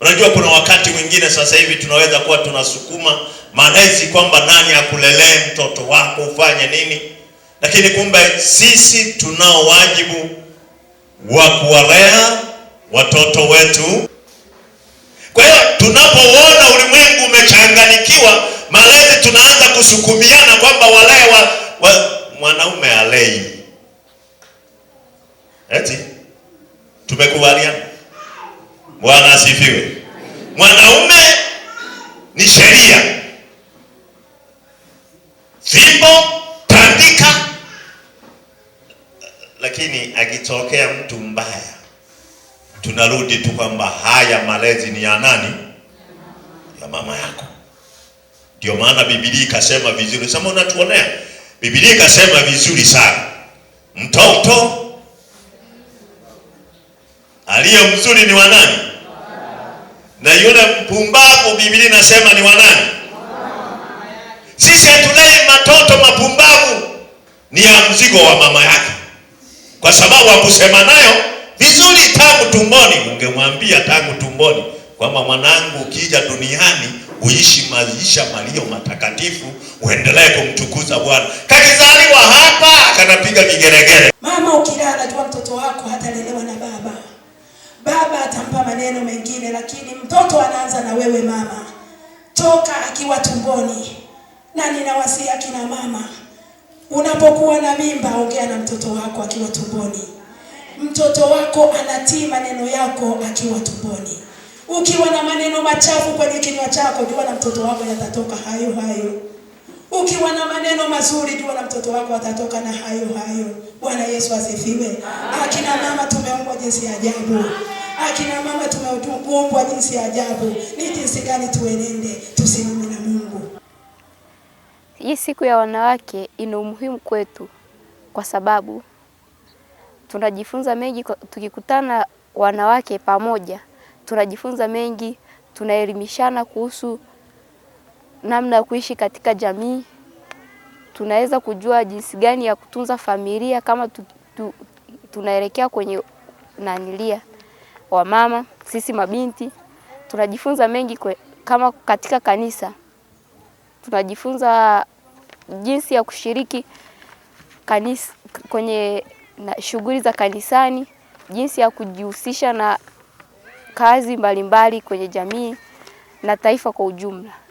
Unajua kuna wakati mwingine sasa hivi tunaweza kuwa tunasukuma malezi kwamba nani akulelee mtoto wako ufanye nini, lakini kumbe sisi tunao wajibu wa kuwalea watoto wetu. Kwa hiyo tunapoona ulimwengu umechanganikiwa malezi, tunaanza kusukumiana kwamba walee wa, wa, mwanaume alei, eti tumekubaliana asifiwe. Mwanaume ni sheria, fimbo, tandika. Lakini akitokea mtu mbaya, tunarudi tu kwamba haya malezi ni ya nani? Ya mama yako. Ndio maana Biblia ikasema vizuri, sema unatuonea. Biblia ikasema vizuri sana, mtoto aliye mzuri ni wa nani? na yule mpumbavu Biblia inasema ni wanani? Sisi hatulei matoto mapumbavu, ni ya mzigo wa mama yake, kwa sababu akusema nayo vizuri tangu tumboni. Ungemwambia tangu tumboni kwamba mwanangu, ukija duniani uishi maisha malio matakatifu, uendelee kumtukuza Bwana. Kakizaliwa hapa kanapiga vigeregere. Mama ukilala, jua mtoto wako hatalelewa na baba atampa maneno mengine, lakini mtoto anaanza na wewe mama, toka akiwa tumboni. Na ninawasihi akina mama, unapokuwa na mimba, ongea na mtoto wako akiwa tumboni. Mtoto wako anatii maneno yako akiwa tumboni. Ukiwa na maneno machafu kwenye kinywa chako, jua na mtoto wako yatatoka hayo hayo. Ukiwa na maneno mazuri, jua na mtoto wako atatoka na hayo hayo. Bwana Yesu asifiwe. Akina mama tumeongwa jinsi ya ajabu. Akina mama tumeumbwa jinsi ya ajabu. Ni jinsi gani tuenende tusimame na Mungu. Hii siku ya wanawake ina umuhimu kwetu kwa sababu tunajifunza mengi tukikutana wanawake pamoja, tunajifunza mengi, tunaelimishana kuhusu namna ya kuishi katika jamii. Tunaweza kujua jinsi gani ya kutunza familia kama tu, tu, tunaelekea kwenye nanilia wamama, sisi mabinti tunajifunza mengi kwe, kama katika kanisa tunajifunza jinsi ya kushiriki kanisa, kwenye shughuli za kanisani, jinsi ya kujihusisha na kazi mbalimbali mbali kwenye jamii na taifa kwa ujumla.